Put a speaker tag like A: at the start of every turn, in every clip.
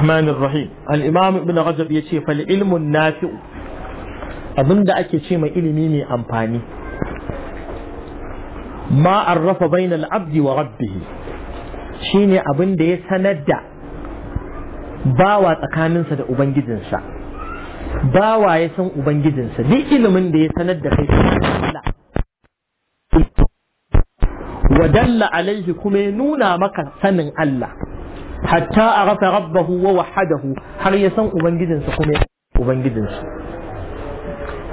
A: الرحمن الرحيم الإمام ابن رجب يشي فالعلم النافع أبن دعك يشي ما إلمي أمباني ما عرف بين العبد وربه shine abin da ya sanar da bawa tsakaninsa da ubangijinsa bawa ya san ubangijinsa duk ilimin da ya sanar da kai Allah wa alaihi kuma ya nuna maka sanin Allah hatta arafa rabbahu wa wahadahu har ya san ubangijinsa kuma ubangijinsa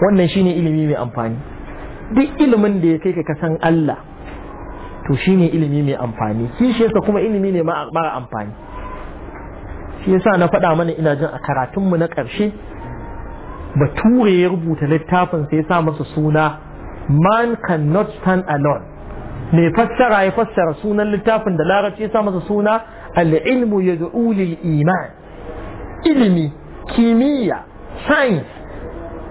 A: wannan shine ilimi mai amfani duk ilimin da ya kai ka san Allah to shine ilimi mai amfani yasa kuma ilimi ne mara amfani shi yasa na faɗa mana ina jin a karatunmu na ƙarshe bature ya rubuta littafin sai ya sa masa suna man not stand alone mai fassara ya fassara sunan littafin da larabci ya sa masa suna al'ilmu ya lil iman ilimi kimiyya science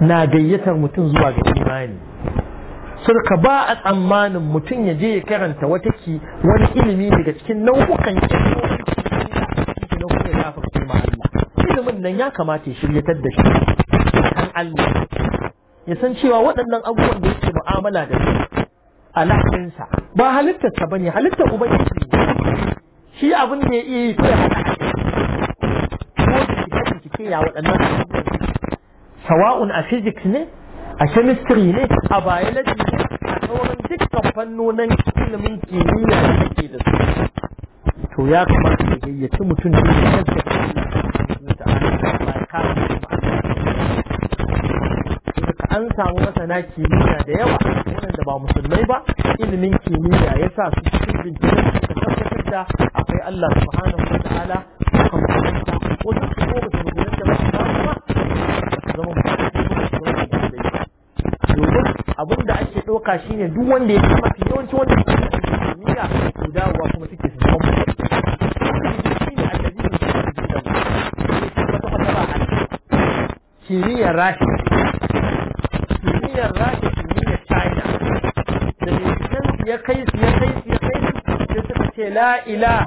A: na gayyatar mutum zuwa ga imani surka ba a tsammanin mutum ya je ya karanta wata wani ilimi daga cikin nau'ukan ilimin nan ya kamata ya shiryatar da shi kan Allah ya san cewa waɗannan abubuwan da yake mu'amala da su a lafinsa ba halittarsa bane halittar ubangiji ne
B: shi abin da ya iya yi sai ko bincike ya waɗannan
A: sawa'un a physics ne a chemistry ne
B: a biology ne a sauran dukkan fannonin ilimin kimiyya da ake da su to ya kamata ya gayyaci mutum da ya kansa
A: an samu masana kimiyya da yawa waɗanda ba musulmai ba ilimin kimiyya ya sa su
B: cikin bincike da tabbatar da Allah subhanahu wa ta'ala sukan fahimta wasu su ko ba su mutunta ba su samu ba zama domin abin da ake ɗauka shine duk wanda ya kama mafi yawanci wanda suke da kimiyya su dawowa kuma suke su zama kimiyyar rashi لا إله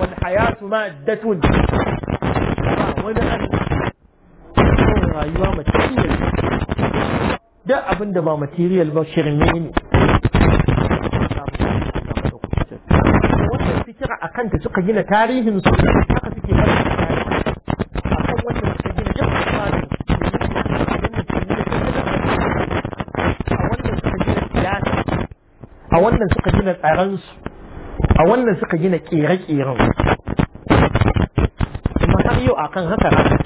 B: والحياة مادة وانا أنا رأيوا ماتيريال
A: ده أبن ده ما ماتيريال بشر مين
B: وانا أكن تسوق جينا تاريهم سوق
A: a wannan suka gina tsaransu a wannan suka gina ƙere-ƙeren
B: kuma har yau a kan haka rana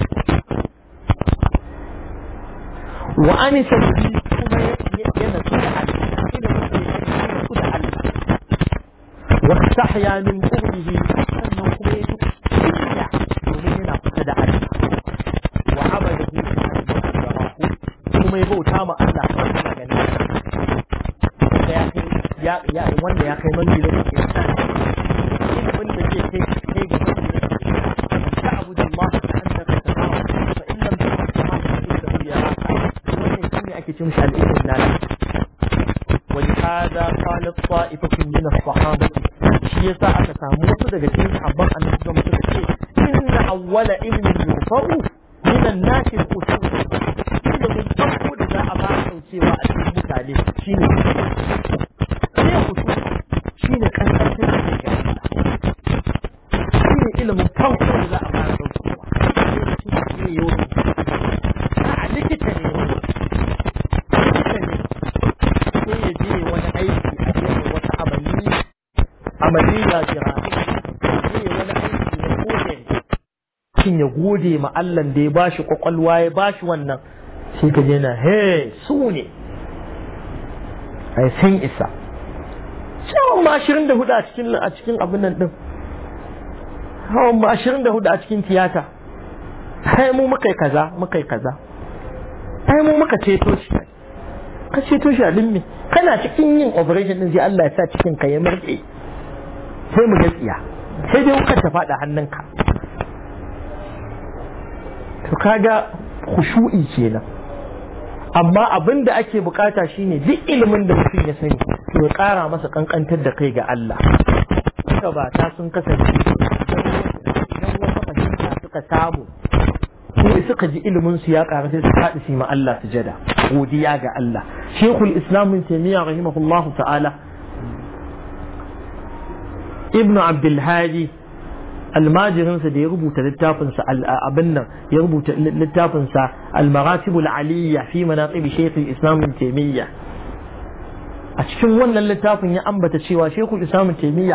B: wa an sabbi kuma yana su da Allah wa tahya min ta'ifatun gina as-sahabati shi yasa aka samu wasu daga cikin sahabban annabi sallallahu alaihi ce inna awwala ilmin yufa'u min an-nas al-usul ilimin farko da za a ba a saukewa a cikin mutane shine
A: ma Allah da ya bashi kwakwalwa ya bashi wannan shi ka je he su ne ai sun isa cewa ma 24 a cikin a cikin abin nan din hawa ma 24 a cikin tiyata ai mu muka kaza muka kaza ai mu muka ceto shi ka ceto shi a limmi kana cikin yin operation din sai Allah ya sa cikin ka ya murɗe sai mu gaskiya sai dai wuka ta faɗa hannunka to kaga khushu'i kenan amma abin da ake bukata shine duk ilimin da mutum ya sani to ya kara masa kankantar da kai ga Allah suka ba ta sun kasance idan
B: wata fahimta
A: suka samu ko suka ji ilimin su ya ƙara sai su faɗi su ma Allah sujada godiya ga Allah Sheikhul Islam bin Taymiyyah rahimahullahu ta'ala Ibn Abdul Hadi almajirinsa da ya rubuta littafinsa abin nan ya rubuta littafinsa almaratibul aliyya fi manaqib shaykh al-islam ibn a cikin wannan littafin ya ambata cewa shaykh al-islam ibn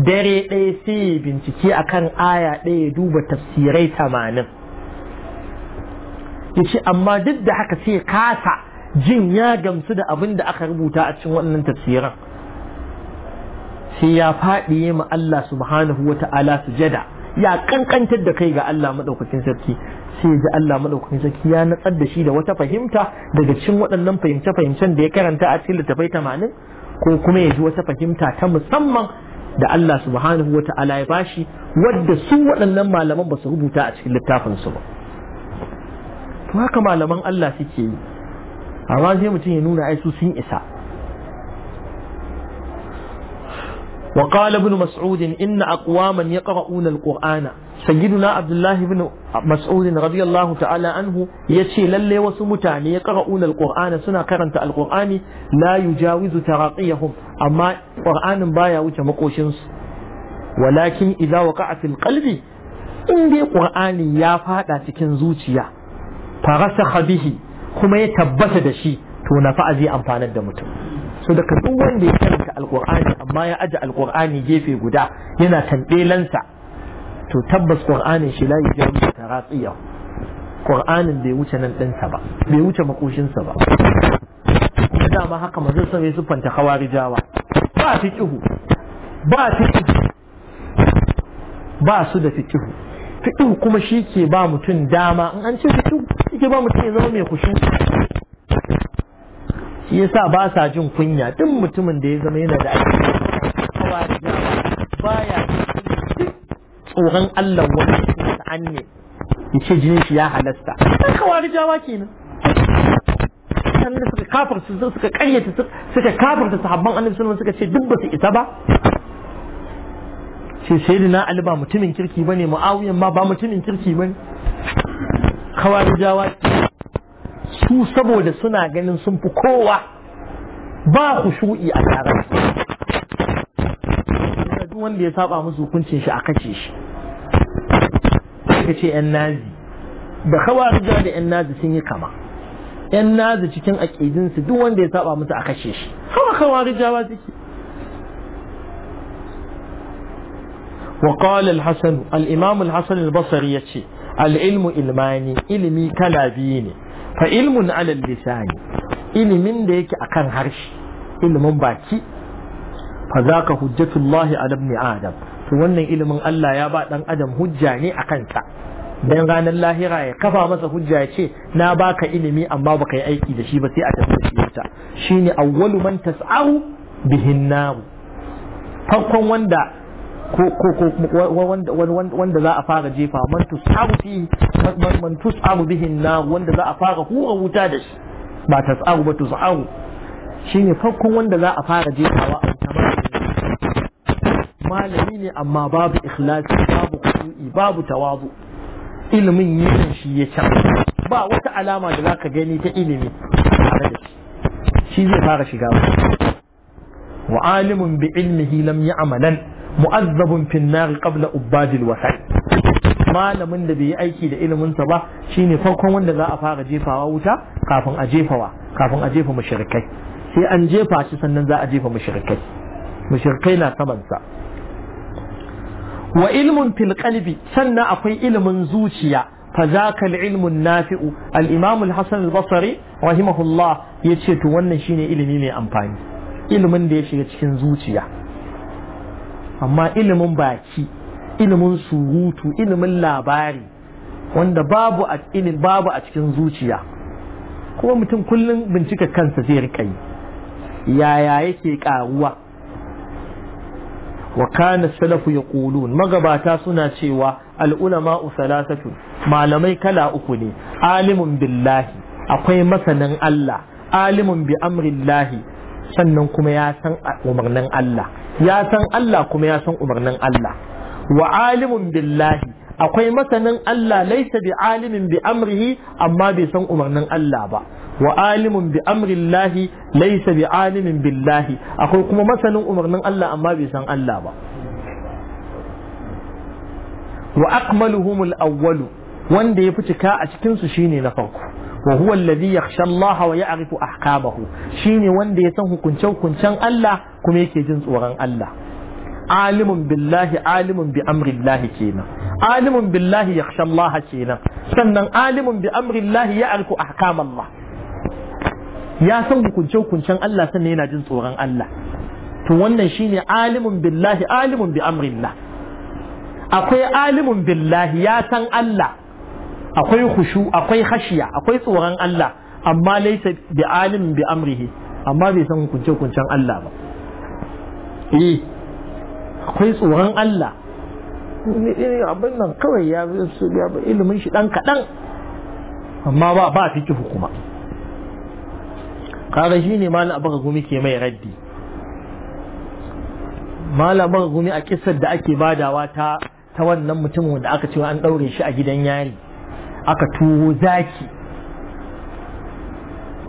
A: dare ɗaya sai ya bincike akan aya ɗaya ya duba tafsirai tamanin ya ce amma duk da haka sai kasa jin ya gamsu da abin da aka rubuta a cikin wannan tafsiran sai ya faɗi ma Allah subhanahu wa ta'ala jada ya kankantar da kai ga Allah maɗaukacin sarki sai ya ji Allah maɗaukacin sarki ya natsar da shi da wata fahimta daga cikin waɗannan fahimce-fahimcen da ya karanta a cikin littafai tamanin ko kuma ya ji wata fahimta ta musamman da Allah subhanahu wa ta'ala ya bashi wadda su waɗannan malaman ba su rubuta a cikin littafin su ba to haka malaman Allah suke yi amma sai mutum ya nuna ai su sun isa وقال ابن مسعود إن أقواما يقرؤون القرآن سيدنا عبد الله بن مسعود رضي الله تعالى عنه يشي للي وسمتان يقرؤون القرآن سنة كرنت القرآن لا يجاوز تراقيهم أما قرآن بايا وتمقوشنس ولكن إذا وقع في القلب إن دي قرآن يا فاتا تكن زوتيا فرسخ به كما يتبت دشي تو نفع زي أنفانا دمتم so da ka duk wanda ya karanta alkur'ani amma ya aje alkur'ani gefe guda yana tambelansa to tabbas qur'anin shi la yajaru taratiya qur'anin bai wuce nan ɗinsa ba bai wuce makoshinsa ba dama haka mazan zai yi siffanta khawarijawa ba fiqhu ba fiqhu ba su da fiqhu fiqhu kuma shi ke ba mutum dama in an ce fiqhu shi ke ba mutum ya zama mai khushu shi yasa ba sa jin kunya duk mutumin da ya zama yana da aiki baya tsoron Allah wani an ne ce jinin shi ya halasta kawari jawa kenan sannan suka kafarta suka karyata suka kafarta sahabban annabi sallallahu suka ce duk ba su isa ba sai da ali ba mutumin kirki bane ma'awuyan ma ba mutumin kirki ba ne? kawari jawa kenan su saboda suna ganin sun fi kowa ba khushu'i a taron duk wanda ya saba musu hukuncin shi a kace shi kace ce yan nazi da khawarija da yan nazi sun yi kama yan nazi cikin su duk wanda ya saba musu a kace shi hawa khawarijawa suke al الحسن الإمام الحسن البصري يتشي العلم إلماني إلمي ne. fa ilmun alal lisani ilimin da yake akan harshe ilimin baki fa zaka hujjatullahi ala ibn adam to wannan ilimin Allah ya ba dan adam hujja ne akan ta dan ranar lahira ya kafa masa hujja ya ce na baka ilimi amma baka yi aiki da shi ba sai a tafi shi wuta shine awwalu man tas'ahu bihin nar farkon wanda ko ko wanda za a fara jefa man tusabu fi man tusabu bihin na wanda za a fara hura wuta da shi ba tasabu ba tusabu shine farkon wanda za a fara jefawa a wuta malami ne amma babu ikhlasi babu khushu'i babu tawazu ilimin yin shi ya can ba wata alama da zaka gani ta ilimi shi zai fara shiga wa alimun bi ilmihi lam amalan. mu'azzabun fin nar qabla ubadil wasai malamin da bai yi aiki da iliminsa ba shine farkon wanda za a fara jefawa wuta kafin a jefawa kafin a jefa mushrikai sai an jefa shi sannan za a jefa mushrikai mushrikai na saman sa wa ilmun fil qalbi sannan akwai ilimin zuciya فذاك العلم النافع الإمام الحسن البصري رحمه الله ilimi ونشين amfani. من da ya shiga cikin zuciya. amma ilimin baki ilimin surutu ilimin labari wanda babu a ilimin babu a cikin zuciya kuma mutum kullum bincika kansa zai rika yi yaya yake karuwa wa kana salafu yaqulun magabata suna cewa al ulama salasatu, malamai kala uku ne alimun billahi akwai masanin Allah alimun bi amrillahi sannan kuma ya san umarnin Allah ya san Allah kuma ya san umarnin Allah wa alimun billahi akwai masanin Allah laisa bi alimin bi amrihi amma bai san umarnin Allah ba wa alimun bi amrillahi laisa bi alimin billahi akwai kuma masanin umarnin Allah amma bai san Allah ba wa akmaluhumul awwalu wanda ya fi cika a cikin su shine na farko wa huwa alladhi yakhsha Allah wa ya'rifu ahkamahu shine wanda ya san hukunce hukuncen Allah kuma yake jin tsoron Allah alimun billahi alimun bi kenan alimun billahi yakhsha Allah kenan sannan alimun bi amrillahi ya'rifu ahkamallah ya san hukunce hukuncen Allah sannan yana jin tsoron Allah to wannan shine alimun billahi alimun bi akwai alimun billahi ya san Allah akwai hushu akwai khashiya akwai tsoron Allah amma laisa bi alim bi amrihi amma bai san hukunce hukuncen Allah ba eh akwai tsoron Allah abin nan kawai ya ilimin shi dan kaɗan amma ba ba fiki hukuma kaga shine malam abu gumi ke mai raddi malam abu gumi a kissar da ake badawa ta ta wannan mutumin da aka ce an daure shi a gidan yari aka tuwo zaki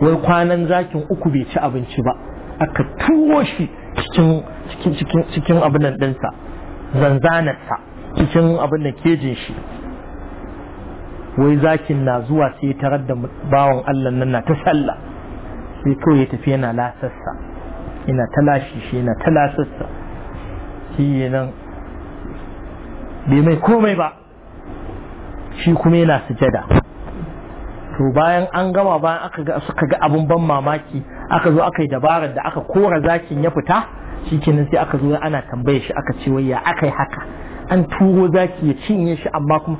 A: wai kwanan zakin uku bai ci abinci ba aka tuwo shi cikin abin nan ɗinsa zanzanarsa cikin abin da kejin shi wai zakin na zuwa sai tarar da bawan Allah nan na ta sallah sai kawai ya tafi yana lasassa ina ta lashi shi yana ta lasassa shi nan bai mai komai ba shi kuma yana sujada to bayan an gama bayan aka ga suka ga abun ban mamaki aka zo aka yi dabarar da aka kora zakin ya fita shikenan sai aka zo ana tambaye shi aka ce wai ya aka haka an turo zaki ya cinye shi amma kuma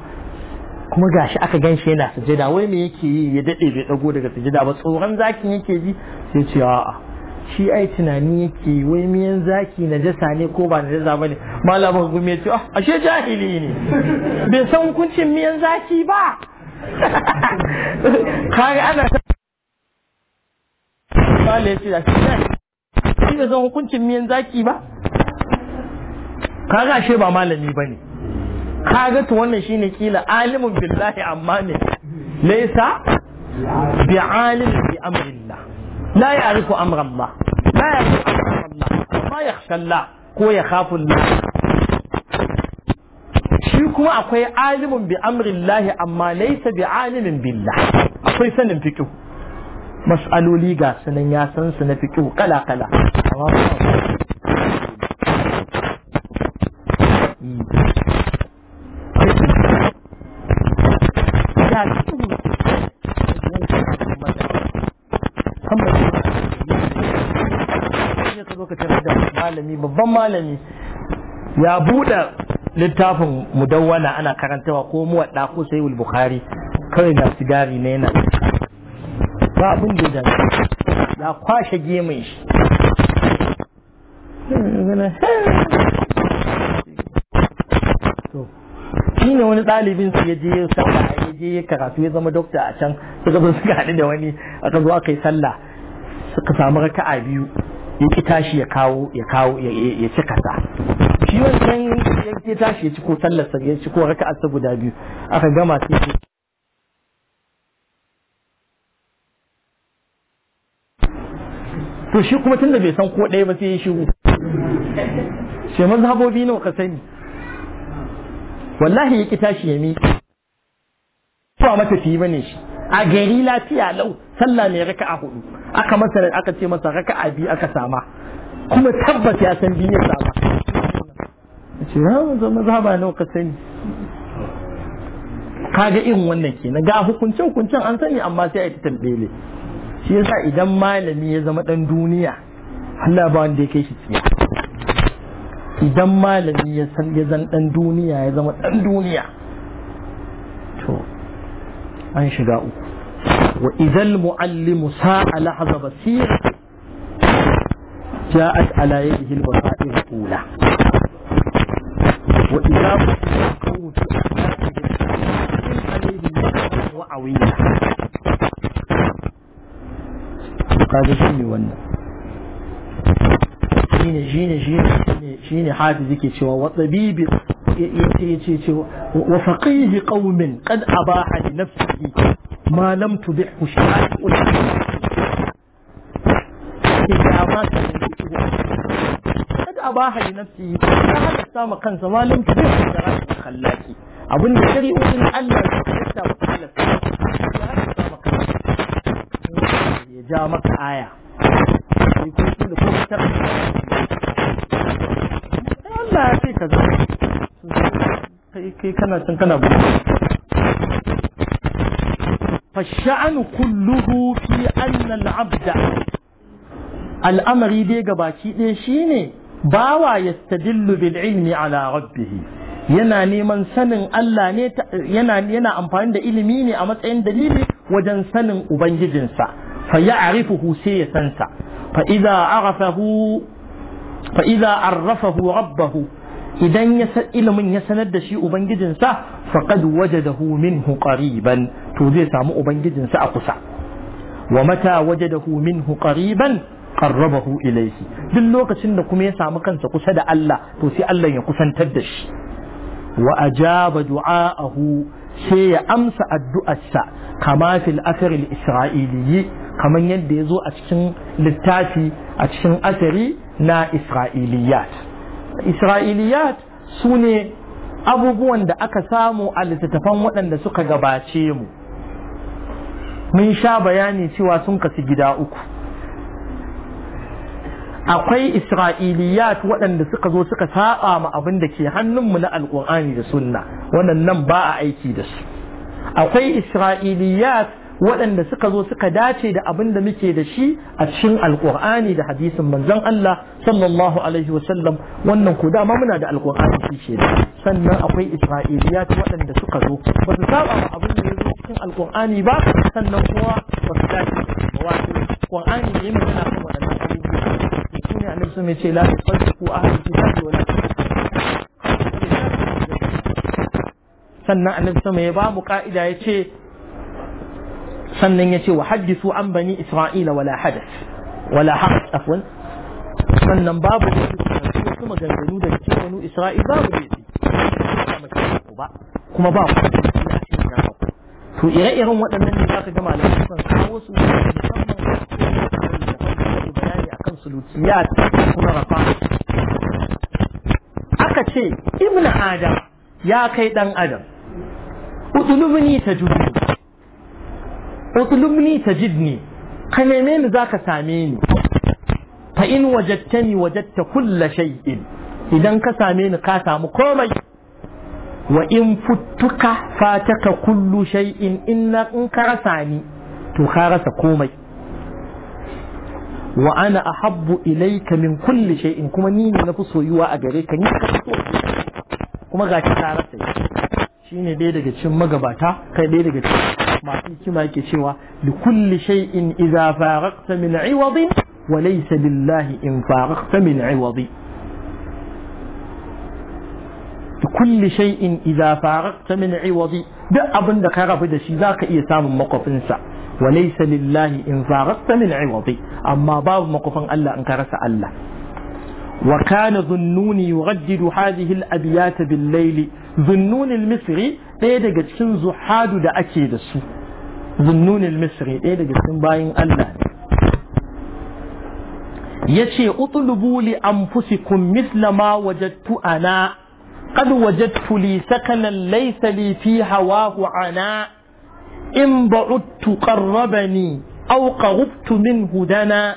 A: kuma gashi aka gan shi yana sujada wai me yake yi ya dade bai dago daga sujada ba tsoron zakin yake ji sai ce a'a shi ai tunani yake wai miyan zaki na jasa ne ko ba na jasa ba ne malamin gumi ya ce ah ashe jahili ne bai san hukuncin miyan zaki ba kare ana Mala ya ce da shi bai san hukuncin miyan zaki ba kaga ashe ba malami ba ne kaga to wannan shine kila alimun billahi amma ne laisa bi alim bi amrillah la ya'rifu amra Allah la
B: ya'rifu amra
A: Allah ma yakhsha Allah ko ya khafu shi kuma akwai alimin bi amrillahi amma laysa bi alimin billah akwai sanin fiqh mas'aloli ga sanan ya san su na fiqh kala kala
B: malami babban malami
A: ya buɗe littafin mudawwana ana karantawa ko muwadda ko sayyul bukhari kawai da sigari ne yana ba abin da da ya kwashe gemin shi shi ne wani ɗalibin su ya je ya saba ya je ya karatu ya zama dokta a can suka zo suka haɗu da wani a zo zuwa kai sallah suka samu raka'a biyu ya ki tashi ya kawo ya kawo ya ci kasa shi wancan ya ki tashi ya ci ko sallar sa ya ci ko raka'ar sa guda biyu aka gama sai to shi kuma tunda bai san ko ɗaya ba sai ya shigo shi mazhabobi nawa ka sani wallahi ya ki tashi ya miƙe ba fi bane shi a gari lafiya lau sallah mai raka'a hudu aka masa aka ce masa haka a biyu aka sama kuma tabbas ya san biyu ya sama ce ya wanzu ba nawa ka sani kaga irin wannan ke na ga hukunce hukuncen an sani amma sai a yi tambele shi yasa idan malami ya zama dan duniya Allah ba wanda ya kai shi tsiya idan malami ya san ya zan dan duniya ya zama dan duniya to an shiga uku وإذا المعلم ساء لحظة بصير جاءت على يده الوسائل الأولى
B: وإذا القوم جيني
A: عليهم جيني جيني جيني جيني شيني شيني شيني شيني حادث ذكي وفقيه قوم
B: قد أباح لنفسه ما لم تبعه شرائع إذا
A: قد أباها لنفسه
B: فهذا سام كنس ما لم تبحه شرائع الخلاكي أبن شريء من الله يسا وقال ya ja maka aya sai ko shi da kuma ta
A: Allah ya sai ka فالشأن كله في أن العبد الأمر دي قباكي دي شيني باوا يستدل بالعلم على ربه yana neman sanin Allah ne yana amfani da ilimi ne a matsayin dalili wajen sanin ubangijinsa fa ya san sa fa idza arafahu fa idza arrafahu rabbahu idan ya san ilimin ya sanar da shi ubangijinsa faqad wajadahu minhu qariban to zai samu ubangijinsa a kusa wa mata waje wajadahu minhu qariban hu ilayhi duk lokacin da kuma ya samu kansa kusa da Allah to sai Allah ya kusantar da shi wa ajaba du'aahu sai ya amsa addu'arsa kama fil asr al isra'ili kaman yadda ya zo a cikin littafi a cikin asari na isra'iliyat isra'iliyat su ne abubuwan da aka samu a littattafan waɗanda suka gabace mu mun sha bayani cewa sun kasu gida uku akwai isra'iliyat waɗanda suka zo suka saba ma abin da ke hannunmu na alƙur'ani da sunna nan ba a aiki da su akwai isra'iliyat waɗanda suka zo suka dace da abin da muke da shi a cikin alƙur'ani da hadisin manzon Allah sallallahu alaihi wasallam wannan ko dama muna da alƙur'ani shi ke sannan akwai isra'iliyat waɗanda suka zo ba su saba ma abin da ya zo cikin alƙur'ani ba sannan kuma ba su dace wato
B: ƙur'ani ne mai yana kan waɗannan abubuwa
A: shi ne annabi sun ce la tusaddiqu ahlul kitabi wa la sannan annabi sama ya ba mu ka'ida ya ce sannan ya ce wa haddisu an bani isra'ila wala hadas wala hadas afwan sannan babu su maganganu da
B: cikin banu isra'ila babu da ba kuma ba to ire-iren waɗannan ne za ka gama da kan kawo su musamman bayani akan sulukiyat kuma rafa aka
A: ce ibnu adam ya kai dan adam udulubni ta judu utlubni tajidni ka neme ni zaka same ni fa in wajadtani wajadta kulla shay'in idan ka same ni ka samu komai wa in futtuka fataka kullu shay'in inna in ka rasa ni to ka rasa komai wa ana ahabbu ilayka min kulli shay'in kuma ni ne nafi soyuwa a gare ka ni ka so kuma gashi ka rasa shine dai daga cikin magabata kai dai daga cikin masu hikima yake cewa li kulli shay'in idza faraqta min 'iwadi wa laysa lillahi in faraqta min 'iwadi li kulli shay'in idza faraqta min 'iwadi duk abin da ka rabu da shi zaka iya samun makofin sa wa laysa lillahi in faraqta min 'iwadi amma babu makofin Allah in ka rasa Allah وكان ذنون يردد هذه الأبيات بالليل ذنون المصري ɗaya daga cikin zuhadu da ake da su zunnun al-misri ɗaya daga cikin bayin Allah yace utlubu li anfusikum misla ma wajadtu ana qad wajadtu li sakanan laysa li fi hawahu ana in ba'udtu ni, aw qaghubtu min hudana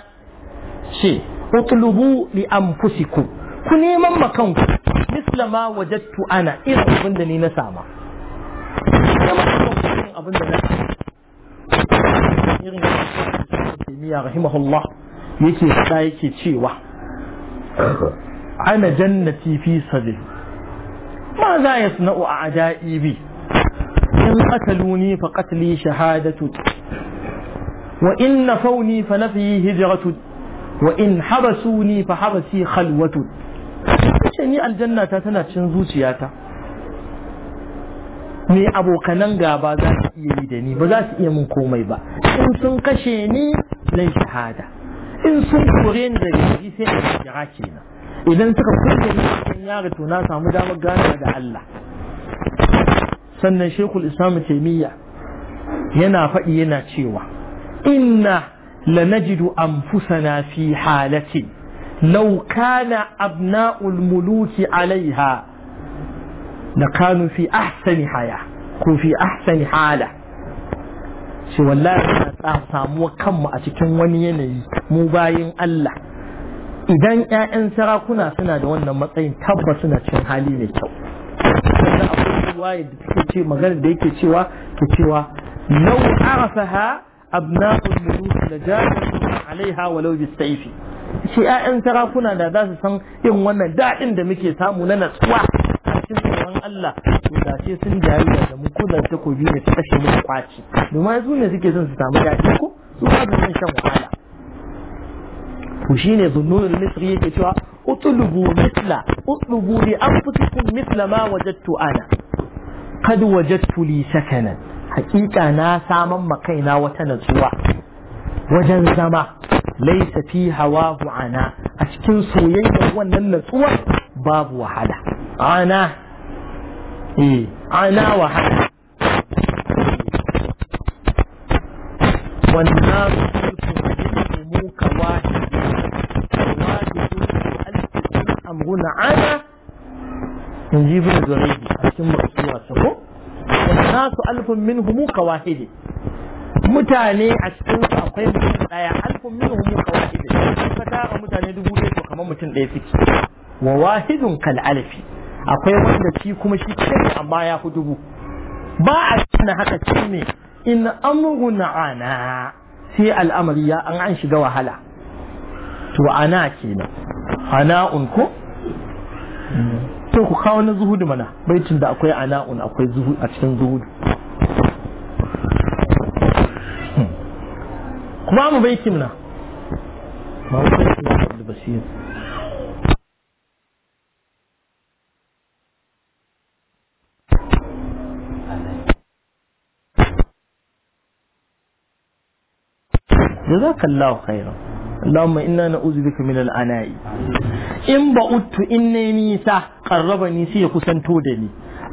A: ce utlubu li anfusikum ku neman makanku misla ma wajadtu ana irin abin da na sama
B: abin da na irin taimiyya
A: rahimahullah yake fada yake cewa ana jannati fi sabil ma za ya sana'u a ajaibi in qataluni fa qatli shahadatu wa in fauni fa nafi hijratu wa in habasuni fa habasi khalwatu ce ni aljanna ta tana cin zuciyata ne abokanan gaba za su iya yi da ni ba za su iya mun komai ba in sun kashe ni zan shahada in sun kore ni daga gari sai a kira kenan idan suka kulle ni cikin yaro to na samu damar gana da Allah sannan shekul islam taimiyya yana faɗi yana cewa inna lanajidu anfusana fi halati law kana abna'ul muluki alaiha لكانوا في أحسن حياة كانوا في أحسن حالة ce wallahi na samuwa kanmu a cikin wani yanayi mu bayin Allah idan 'ya'yan sarakuna suna da wannan matsayin tabbas suna cin hali mai kyau sannan akwai riwaya da take ce magana da yake cewa ke cewa law arafaha abna'ul muluk la jahadu alaiha walau bisayfi shi 'ya'yan sarakuna da za su san yin wannan daɗin da muke samu na natsuwa cikin tsoron Allah to da ce sun jayu da mukulan takobi ne su kashe musu kwaci domin su ne suke son su samu daɗi ko su ba su son shan wahala to shine zunnun misri yake cewa utlubu mithla utlubu li anfusikum mithla ma wajadtu ana kad wajadtu li sakanan hakika na saman ma kaina wata natsuwa wajen zama laisa fi hawa ana a cikin soyayyar wannan natsuwar babu wahala ana eh ana wa hada
B: والنار تلك واحد واحد ألف أمرنا على نجيب الزريبي أشم مقصورة شكو والناس ألف
A: منهم كواحد mutane a cikin su akwai mutum daya alfun minhum kawahid ka tara mutane dubu ɗaya to kamar mutum ɗaya suke wa wahidun kal alfi akwai wanda shi kuma shi ce amma ya fi dubu ba a tana haka ce ne in na ana sai al'amari ya an an shiga wahala to ana kenan ana unku to ku kawo na zuhudu mana baitin da akwai un akwai zuhu a cikin zuhudu kuma mu baitin na
B: ma baitin da basir
A: جزاك الله خيرا اللهم إنا نعوذ بك من العناء إن بعدت إني نيسا قربني سي كسنتو دني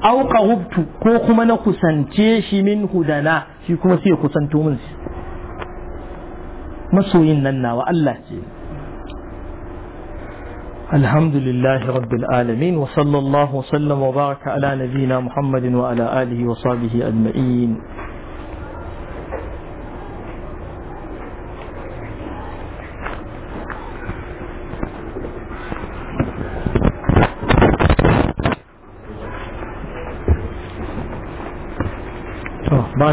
A: أو قربت كو كما نكسنتيش من هدنا شي كما سي كسنتو من مسوين لنا والله جينا الحمد لله رب العالمين وصلى الله وسلم وبارك على نبينا محمد وعلى آله وصحبه أجمعين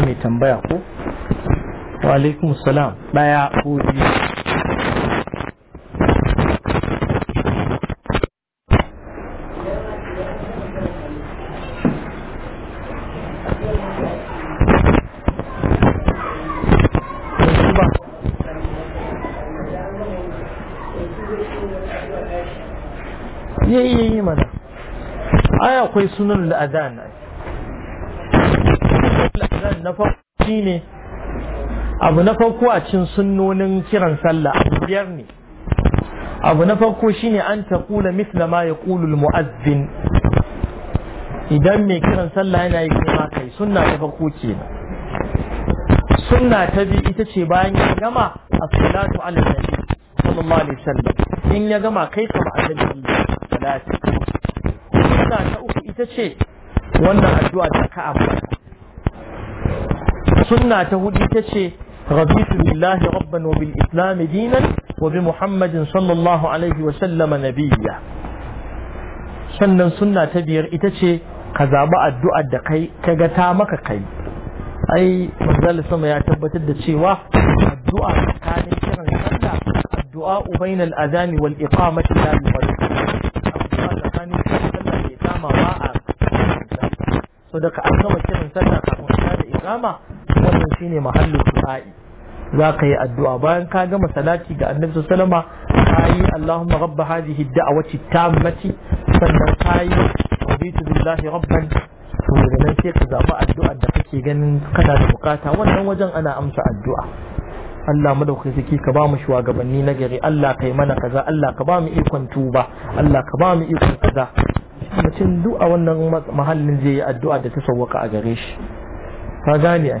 A: mai tambaya ko wa alaikum salam daya ko biyu yi mana ai akwai sunan al'adan na farko shine abu na farko a cikin sunnonin kiran sallah abu biyar ne abu na farko shine an taqula mithla ma yaqulu almu'azzin idan mai kiran sallah yana yi kuma kai sunna ta farko kenan sunna ta bi ita ce bayan ya gama as-salatu ala nabi sallallahu alaihi wasallam in ya gama kai ka annabi salati sunna ta uku ita ce wannan addu'a da ka ambata sunna ta hudu ita ce rabitu billahi rabban wa bil islam dinan wa bi muhammadin alaihi wa sallama nabiyya sannan suna ta biyar ita ce ka zaɓi addu'ar da kai ka ga ta maka kai ai manzal sama ya tabbatar da cewa addu'a
B: tsakanin kiran sallah
A: addu'a ubainal adani wal iqamati la yufarriqu addu'a tsakanin kiran sallah da iqama ba a so daga an gama kiran sallah kafin da iqama shine mahallin du'a'i ka yi addu'a bayan ka gama salati ga annabi sallama kayi allahumma rabb hadhihi ad-da'wati tammati sannan kayi raditu billahi rabban to daga nan sai ka zaɓi addu'a da kake ganin kana da bukata wannan wajen ana amsa addu'a Allah madaukai saki ka ba mu shugabanni na gari Allah kai mana kaza Allah ka ba mu ikon tuba Allah ka ba mu ikon kaza mutum duk wannan mahallin zai yi addu'a da ta sauwaka a gare shi ka gane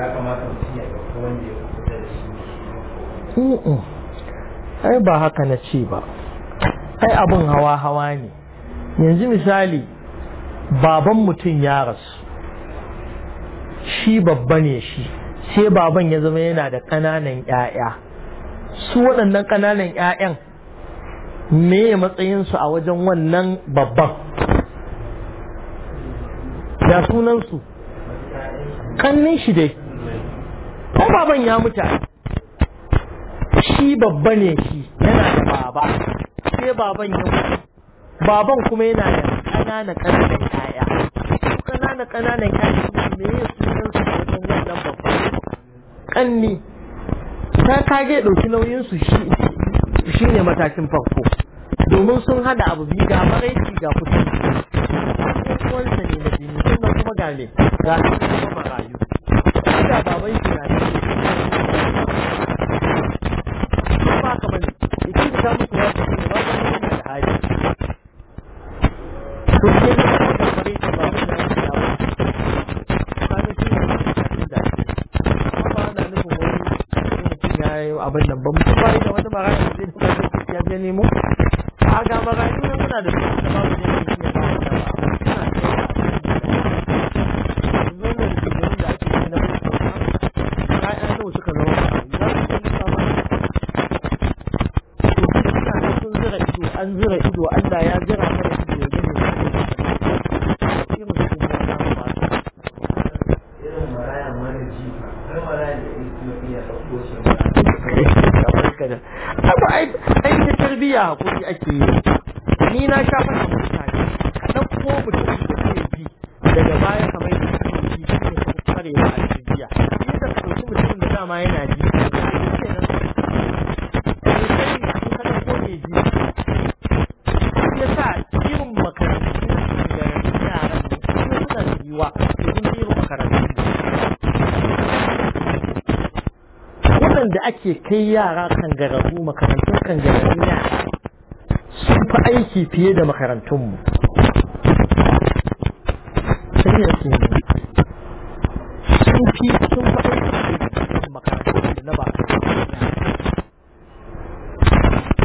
B: ya kamata ya ɗauki wanda ya kusa da
A: shi ai ba haka na ce ba ai abin hawa hawa ne yanzu misali baban mutum ya rasu shi babba ne shi sai baban ya zama yana da ƙananan 'ya'ya su waɗannan ƙananan 'ya'yan me ya matsayinsu a wajen wannan babban ya sunansu kannin shi dai baban ya mutu shi babba ne shi yana da baba sai baban ya mutu baban kuma yana da ƙanana
B: ƙananan ƴaƴa ƙanana ƙananan ƴaƴa me ya sunan su wajen wannan babba
A: ƙanni ta kage ɗauki nauyin su
B: shi ne matakin farko domin sun hada abu biyu ga maraici ga kusa wansa ne da jini sannan kuma ga ne ga kuma marayu da baban shi na cikin Allah tu barang yang dia bukan setiap jenimu. Agama barang itu yang pun ada. Sebab
A: sai yara kan kangararru makarantun kan kangararru yara sun fi aiki fiye da makarantunmu
B: sun yi sun fi sun fi aiki makarantun na ba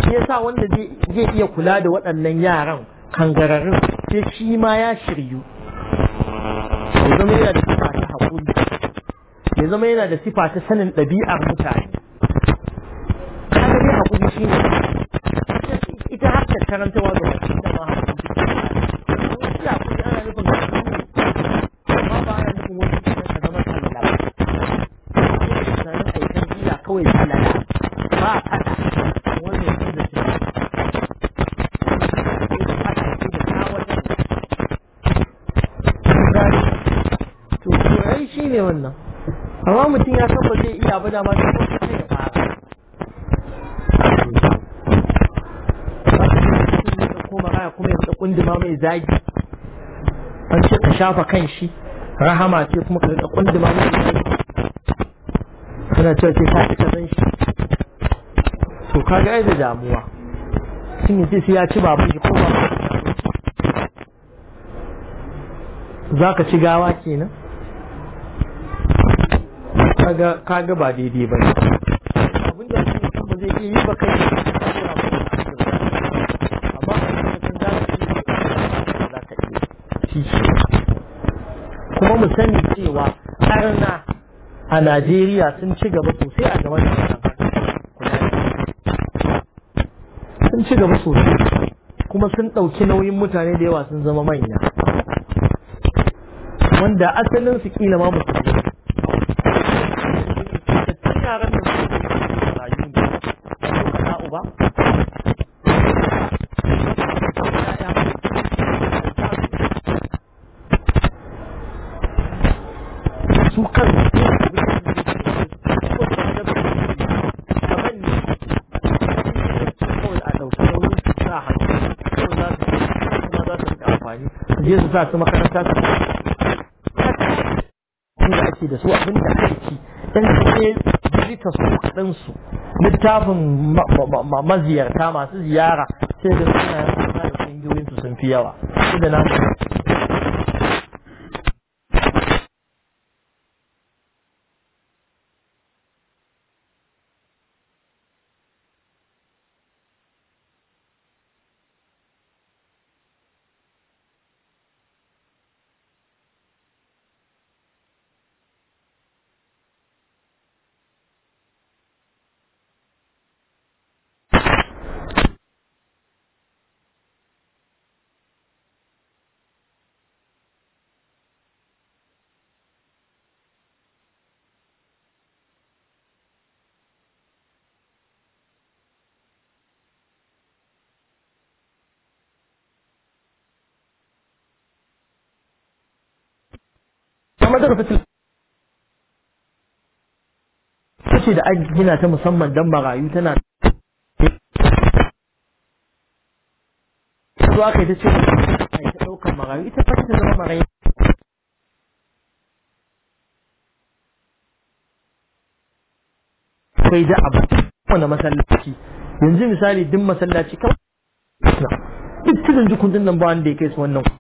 A: shi yasa wanda zai iya kula da waɗannan yaran
B: kan gararin? sai shi
A: ma ya shiryu
B: ya zama yana da sifa ta haƙuri
A: ya zama yana da sifa ta sanin ɗabi'ar mutane Karan to mai zagi an ce ka shafa kan shi rahama ce kuma ka rika da mai suna cewa ce ta fi kasan shi to ka ga da damuwa sun yi sai ya ci babu shi ko ba za ka ci gawa
B: Ka kaga ba daidai ba abinda mutum ba zai iya yi ba kai
A: mu sani cewa arna a Najeriya sun ci gaba sosai a gaban sun ci gaba sosai kuma sun ɗauki nauyin mutane da yawa sun zama manya wanda asalin su kila ma musulmi sa su makaranta su da ake da su abin da aiki dan sai digital su kadan littafin maziyarta masu ziyara sai da suna da kungiyoyin su sun fi yawa su da na madrasatul ce da an gina ta musamman don marayu tana
B: zuwa kai ta ce a ta ɗaukar marayu ita fata ta zama marayu
A: kai da abu wanda masallaci yanzu misali din masallaci kawai duk tudun jikun dinnan ba wanda ya kai su wannan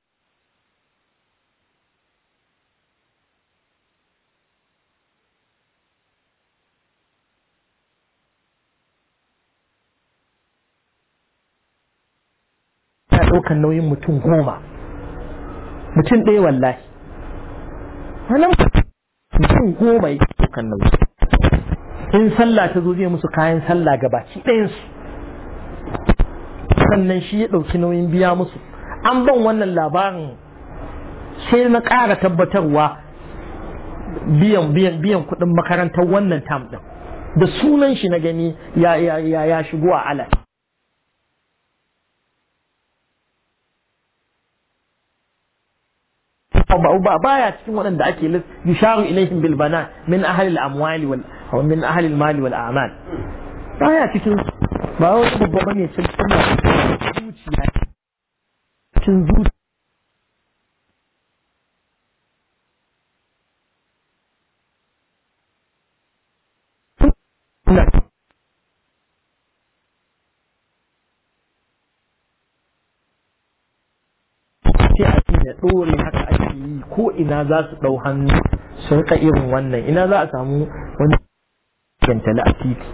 A: ɗaukar nauyin mutum goma mutum ɗaya wallahi wannan mutum goma yake ɗaukar nauyi in sallah ta zo zai musu kayan sallah ga baki ɗayansu sannan shi ya ɗauki nauyin biya musu an ban wannan labarin sai na ƙara tabbatarwa biyan kuɗin makarantar wannan tam ɗin da sunan shi na gani ya shigo a alat baya cikin waɗanda ake yusharu ilaihim bil bana min ahli al amwali wal min ahli al mali wal a'mal baya cikin ba wani
B: babba bane cikin zuciya cikin zuciya sai a
A: ya ɗore haka yi ko ina za su ɗau hannu sun ka irin wannan ina za a
B: samu wani kyantali a titi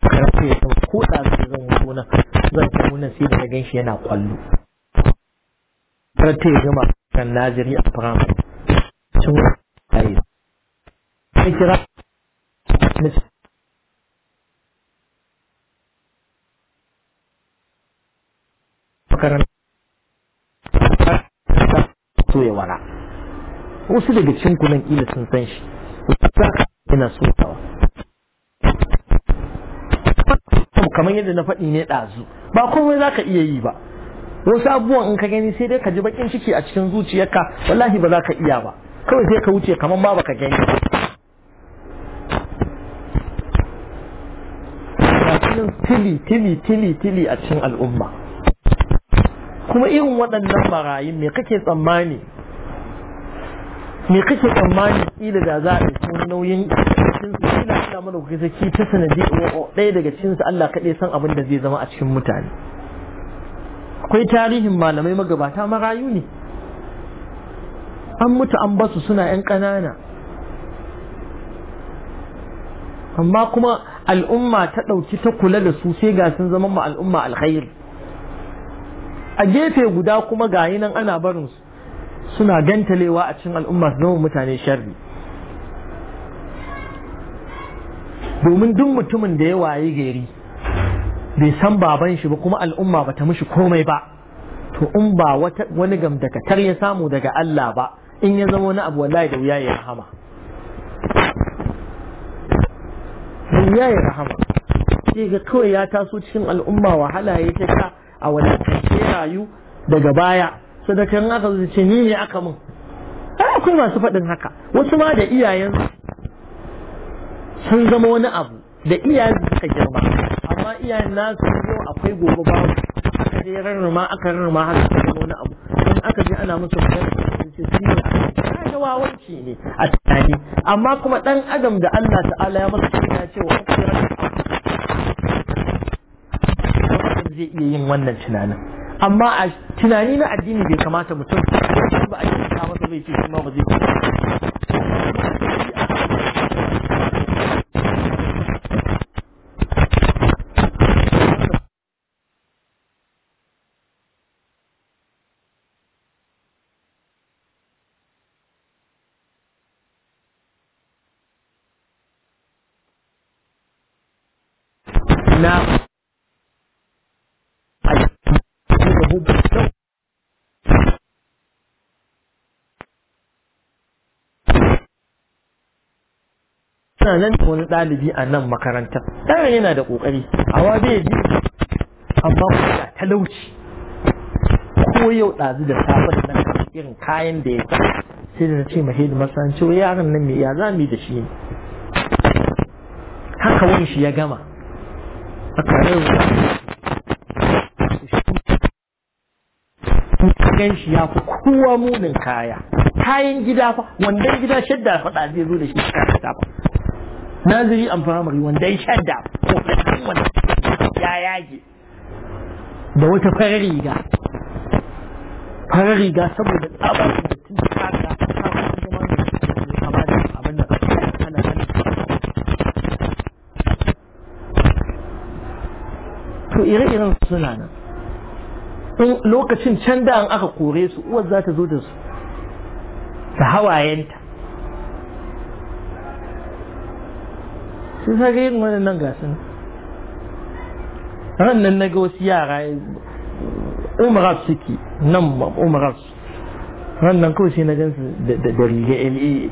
A: karfe ya ko da su zan wuto nan zan ta sai da gan shi yana kwallo karfe ya gama kan naziri a firamare sun
B: ayi yi kira makaranta so ya wala wasu daga cikin
A: kunan kila sun san shi yana so tawa kamar yadda na faɗi ne ɗazu ba komai za ka iya yi ba wasu abubuwan in ka gani sai dai ka ji bakin ciki a cikin zuciyarka wallahi ba za ka iya ba kawai sai ka wuce kamar ba ka gani tili tili tili tili a cikin al'umma kuma irin waɗannan marayun me kake tsammani me kake tsammani kila da za a nauyin cikin su kila mana kuke saki ta sanadi ɗaya daga cikin su Allah kaɗai san abin da zai zama a cikin mutane akwai tarihin malamai magabata marayu ne an mutu an basu suna 'yan ƙanana amma kuma al'umma ta ɗauki ta kula da su sai ga sun zama ma al'umma alkhairi a gefe guda kuma gayi nan ana barin su suna gantalewa a cikin al'umma su zama mutane sharri domin duk mutumin da ya waye gari bai san baban shi ba kuma al'umma ba ta mishi komai ba to in ba wani gamdakatar ya samu daga Allah ba in ya zama wani abu wallahi da wuya ya rahama wuya ya rahama sai ga kawai ya taso cikin al'umma wahala ya ta a wadatar rayu daga baya sadakan aka zuci ni ne aka mun ai akwai masu faɗin haka wasu ma da iyayen sun zama wani abu da iyayen suka girma amma iyayen nasu yau akwai gobe babu aka je rarrama aka rarrama har suka zama wani abu in aka je ana musu magana ce su ne aka wawanci ne a tunani amma kuma dan adam da Allah ta'ala ya masa ya ce wa zai iya yin wannan tunanin amma a tunani na addini bai kamata mutum ba a yi
B: masa zai ce shi ba zai
A: yana nan wani ɗalibi a nan makaranta ɗan yana da ƙoƙari awa bai ji amma kuma talauci ko yau ɗazu da da nan irin kayan da ya sa sai da ce mahe da masanci yaran nan mai ya za mu da shi ne haka wani shi ya gama a karar gan shi ya fi kowa munin kaya kayan gida fa wanda gida shadda faɗa zai zo da shi kaya fa naziri an firamare wanda ya shadda ko kasan
B: wanda ya yage
A: da wata farar riga
B: farar riga saboda tsabar da tun taka to ire-iren suna nan
A: lokacin can da an aka kore su uwar za ta zo da su da hawayenta sun saka yin waɗannan gasin rannan na ga wasu yara umarar suke nan umarar su rannan kawai sai na gansu da riga LA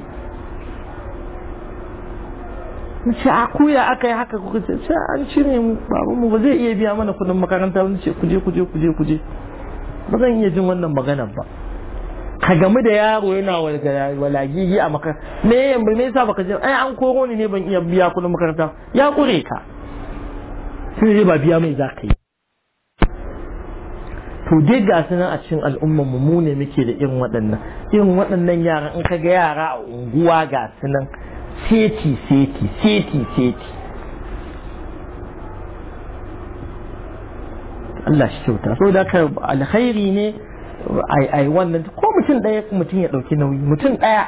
A: na ce a kuya aka yi haka kuka ce ce an cire mu babu mu ba zai iya biya mana kudin makaranta wani ce kuje kuje kuje kuje ba zan iya jin wannan maganar ba ka gamu da yaro yana walagigi a makaranta me me yasa baka je ai an koro ni ne ban iya biya kuɗin makaranta ya kure ka sai dai ba biya mai za ka yi to dai ga su a cikin al'ummar mu mu ne muke da irin waɗannan irin waɗannan yara in ka ga yara a unguwa ga su nan seti seti seti seti Allah shi kyauta so da alkhairi ne ai wannan ko mutum ɗaya mutum ya ɗauki nauyi mutum ɗaya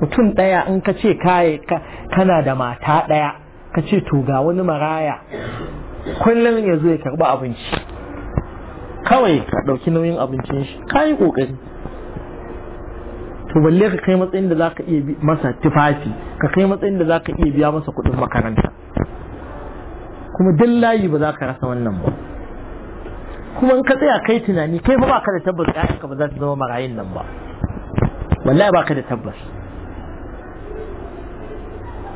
A: mutum ɗaya in ka ce kana da mata ɗaya ka ce to ga wani maraya kullum ya zo ya karɓi abinci kawai ka ɗauki nauyin abincin shi ka yi ƙoƙari to balle ka kai matsayin da za ka iya masa tufafi ka kai matsayin da za ka iya biya masa kuɗin makaranta kuma duk layi ba za ka rasa wannan ba kuma in ka tsaya kai tunani kai fa baka da tabbas ka ba za ta zama marayin nan ba wallahi baka da tabbas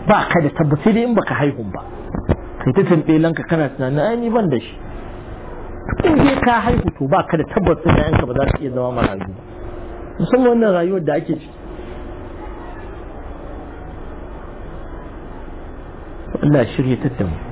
A: baka da tabbas sai dai in baka haihun ba kai ta lanka kana tunanin ai ni ban da shi in dai ka haihu to baka da tabbas ka ba za ta iya zama marayu ba musamman wannan rayuwar da ake ciki
B: Allah shirye ta da mu